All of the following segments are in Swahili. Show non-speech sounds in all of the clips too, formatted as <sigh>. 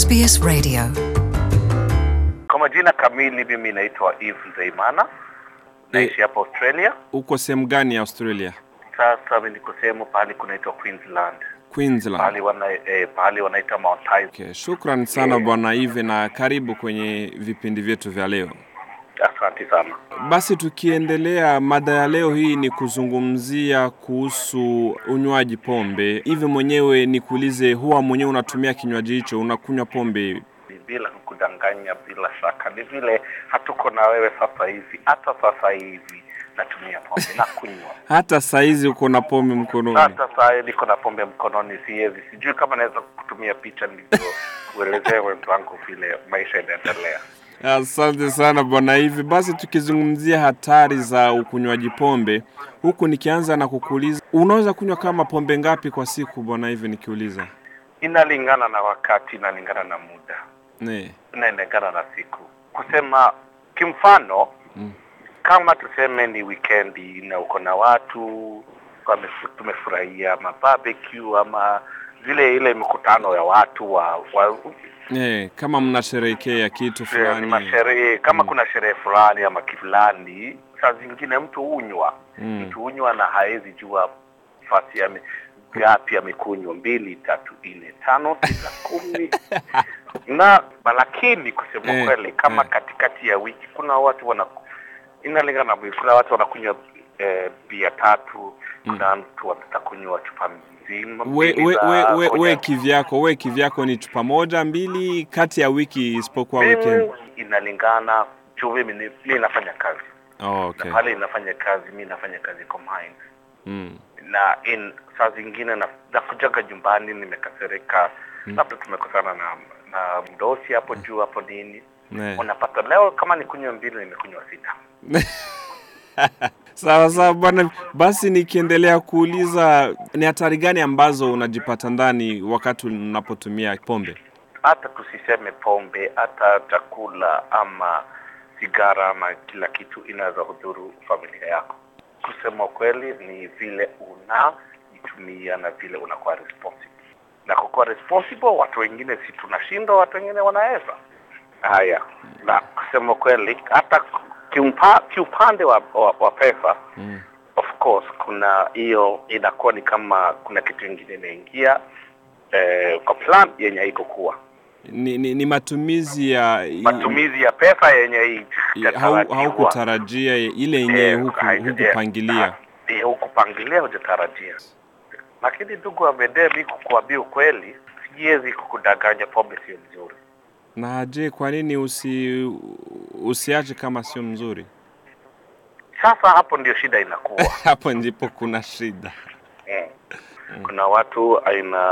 SBS Radio. Kwa majina kamili mimi naitwa Eve Zeimana, naishi hapa Australia. Uko sehemu gani ya Australia? Sasa mimi niko sehemu pale kunaitwa Queensland. Queensland. Pale wana, eh, pale wanaita Mount Isa. Okay, shukrani sana yeah. Bwana Eve na karibu kwenye vipindi vyetu vya leo wakati sana. Basi tukiendelea, mada ya leo hii ni kuzungumzia kuhusu unywaji pombe. Hivi mwenyewe nikuulize, huwa mwenyewe unatumia kinywaji hicho, unakunywa pombe bila kudanganya? Bila shaka ni vile hatuko na wewe sasa hivi, hata sasa hivi natumia pombe na kunywa. <laughs> Hata saa hizi uko na pombe mkononi? Hata saa niko na pombe mkononi, siwezi, sijui kama naweza kutumia picha nilivyo kuelezea <laughs> wenzangu vile maisha inaendelea. Asante sana bwana. Hivi basi, tukizungumzia hatari za ukunywaji pombe, huku nikianza na kukuuliza, unaweza kunywa kama pombe ngapi kwa siku bwana? Hivi nikiuliza, inalingana na wakati, inalingana na muda, ne inalingana na siku. Kusema kimfano, mm. kama tuseme ni wikendi na uko na watu, tumefurahia mabarbecue ama zile ile mikutano ya watu wa, wa yeah, kama mnasherehekea kitu eh, fulani yeah, kama mm. kuna sherehe fulani ama kifulani, saa zingine mtu unywa mm. mtu unywa na haezi jua fasi ya gapi amekunywa, mbili, tatu, nne, tano, sita, kumi <laughs> na lakini kusema yeah, kweli kama yeah. katikati ya wiki kuna watu wana inalingana, kuna watu wanakunywa eh, bia tatu, kuna mm. mtu atakunywa chupa mbili nzima we, we, we, we, we kivyako we kivyako ni chupa moja mbili kati ya wiki isipokuwa weekend? Inalingana juu mimi mi nafanya kazi oh, okay. na pale inafanya kazi mi nafanya kazi combined mm. na in, saa zingine nakujaga na nyumbani nimekasirika mm. labda tumekosana na na mdosi hapo hmm. juu hapo nini, unapata leo kama ni kunywa mbili nimekunywa sita <laughs> Sawa sawa bwana, basi nikiendelea kuuliza, ni hatari gani ambazo unajipata ndani wakati unapotumia pombe? Hata tusiseme pombe, hata chakula ama sigara ama kila kitu inaweza hudhuru familia yako. Kusema kweli, ni vile unaitumia na vile unakuwa responsible na kukuwa responsible, watu wengine si tunashindwa, watu wengine wanaweza. Haya, na kusema kweli, hata kiumpa, kiupande wa, wa, wa pesa mm. of course kuna hiyo inakuwa ni kama kuna kitu kingine inaingia eh, kwa plan yenye haikokuwa ni, ni, ni matumizi ya matumizi ya pesa yenye haukutarajia hau ile yenye eh, hukupangilia eh, eh, hukupangilia hujatarajia. Lakini ndugu Amede, mi kukuambia ukweli, siwezi kukudanganya pombe sio mzuri. Na je, kwa nini usi usiache kama sio mzuri. Sasa hapo ndio shida inakuwa <laughs> hapo ndipo kuna shida mm. Kuna watu aina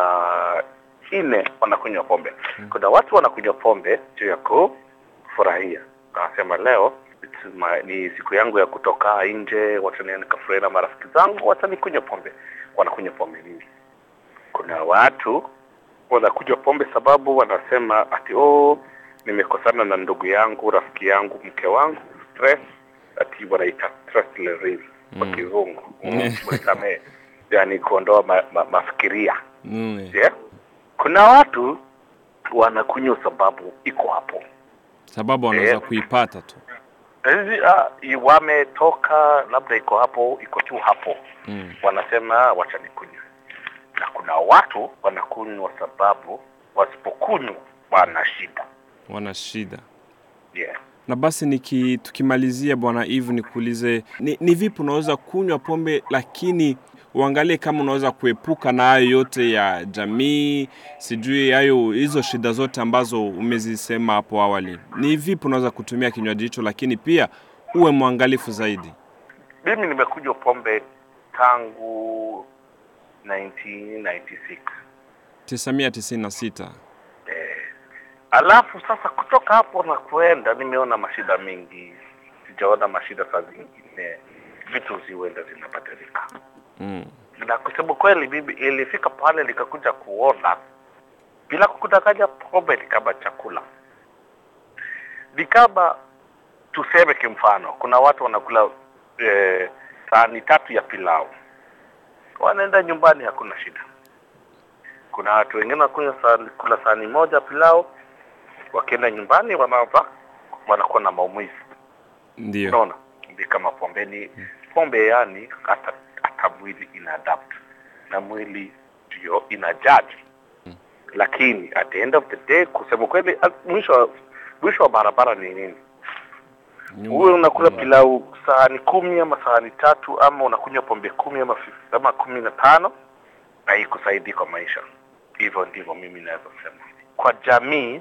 nne wanakunywa pombe mm. Kuna watu wanakunywa pombe juu ya kufurahia, anasema leo ma, ni siku yangu ya kutoka nje, wacha nikafurahi na marafiki zangu, wacha nikunywa pombe. Wanakunywa pombe nyingi. Kuna watu wanakunywa pombe sababu wanasema ati oh nimekosana na ndugu yangu, rafiki yangu, mke wangu stress, ati wanaita stress relief kwa mm. kizungu <laughs> msamee, yani kuondoa ma, ma, mafikiria mm. yeah? Kuna watu wanakunywa sababu iko hapo, sababu eh. wanaweza yeah. kuipata tu ah, wametoka labda iko hapo, iko tu hapo mm. wanasema wacha nikunywe. Na kuna watu wanakunywa sababu wasipokunywa wana shida wana shida yeah. Na basi niki, tukimalizia Bwana Eve nikuulize ni, ni vipi unaweza kunywa pombe lakini uangalie kama unaweza kuepuka na hayo yote ya jamii, sijui hayo hizo shida zote ambazo umezisema hapo awali. Ni vipi unaweza kutumia kinywaji hicho, lakini pia uwe mwangalifu zaidi? Mimi nimekunywa pombe tangu 1996 Alafu sasa kutoka hapo na kuenda, nimeona mashida mengi, sijaona mashida saa zingine vitu ziwenda zinabadilika mm. Na kusema kweli, mimi ilifika pale nikakuja kuona bila kukutakanya, pombe ni kama chakula, ni kama tuseme, kimfano, kuna watu wanakula eh, sahani tatu ya pilau, wanaenda nyumbani, hakuna shida. Kuna watu wengine wanakula sahani moja pilau wakienda nyumbani wanava wanakuwa na maumivu, ndio unaona ni kama pombeni. Pombe yani hata hata mwili ina adapt na mwili ndio ina judge mm. Lakini at the end of the day, kusema kweli, ah, mwisho mwisho wa barabara ni nini? Uwe unakula pilau sahani kumi ama sahani tatu ama unakunywa pombe kumi ama ama kumi na tano haikusaidii kwa maisha. Hivyo ndivyo mimi naweza kusema kwa jamii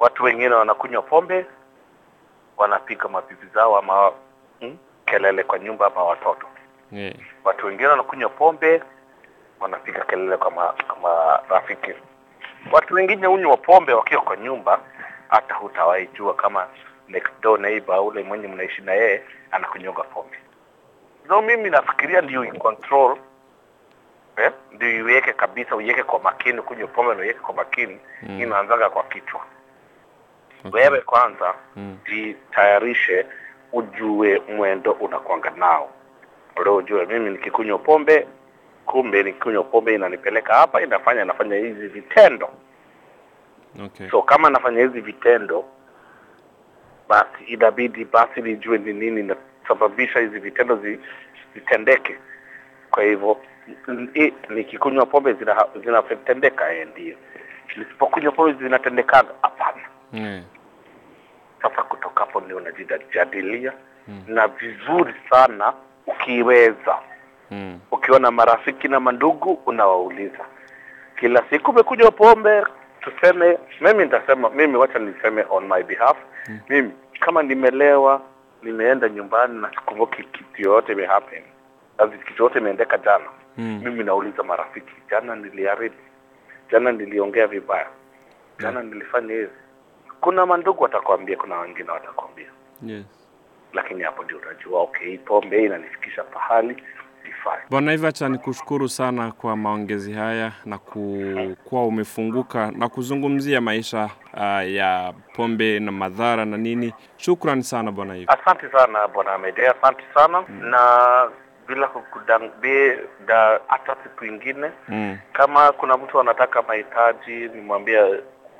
Watu wengine wanakunywa pombe, wanapiga mapipi zao ama mm, kelele kwa nyumba ama watoto yeah. Watu wengine wanakunywa pombe, wanapiga kelele kwa ma, kwa marafiki. Watu wengine hunywa pombe wakiwa kwa nyumba, hata hutawaijua kama next door neighbor ule mwenye mnaishi na yeye anakunyoga pombe. So mimi nafikiria ndio control eh, ndio iweke kabisa, uiweke kwa makini. Kunywa pombe na uiweke kwa makini, mm. inaanzaga kwa kichwa. Wewe kwanza mm. jitayarishe, ujue mwendo unakwanga nao. Leo ujue mimi nikikunywa pombe, kumbe nikikunywa pombe inanipeleka hapa, inafanya nafanya hizi vitendo okay. So kama nafanya hizi vitendo, basi inabidi basi nijue ni nini inasababisha hizi vitendo zi, zitendeke. Kwa hivyo nikikunywa pombe zinatendeka zina, eh, ndio. Nisipokunywa pombe zinatendekaga? Hapana. Sasa kutoka hapo ndio unajijadilia mm. na vizuri sana ukiweza mm. ukiwa na marafiki na mandugu unawauliza kila siku umekuja pombe tuseme mimi nitasema mimi wacha niseme on my behalf mm. mimi kama nimelewa nimeenda nyumbani na sikumbuki kitu yoyote imehappen kitu yote imeendeka jana mm. mimi nauliza marafiki jana niliharibu jana niliongea vibaya jana mm. nilifanya hivi kuna mandugu watakwambia, kuna wengine watakwambia yes. Lakini hapo ndio unajua okay, pombe inanifikisha pahali bwana Bwana Ivacha, nikushukuru sana kwa maongezi haya na kuwa umefunguka na kuzungumzia maisha uh, ya pombe na madhara na nini. Shukrani sana bwana hiv Asante sana bwana Amede, asante sana mm. na bila kukudambie hata siku ingine mm. kama kuna mtu anataka mahitaji nimwambia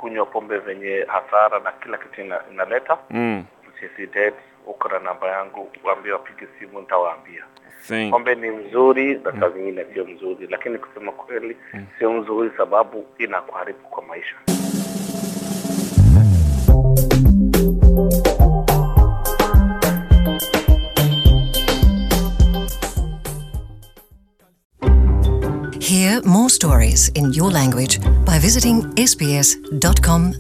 kunywa pombe venye hasara na kila kitu inaleta mm. uko na namba yangu, waambie wapige simu, nitawaambia pombe ni mzuri na saa zingine sio mzuri, lakini kusema kweli mm. sio mzuri sababu inakuharibu kwa maisha. more stories in your language by visiting sbs.com.au.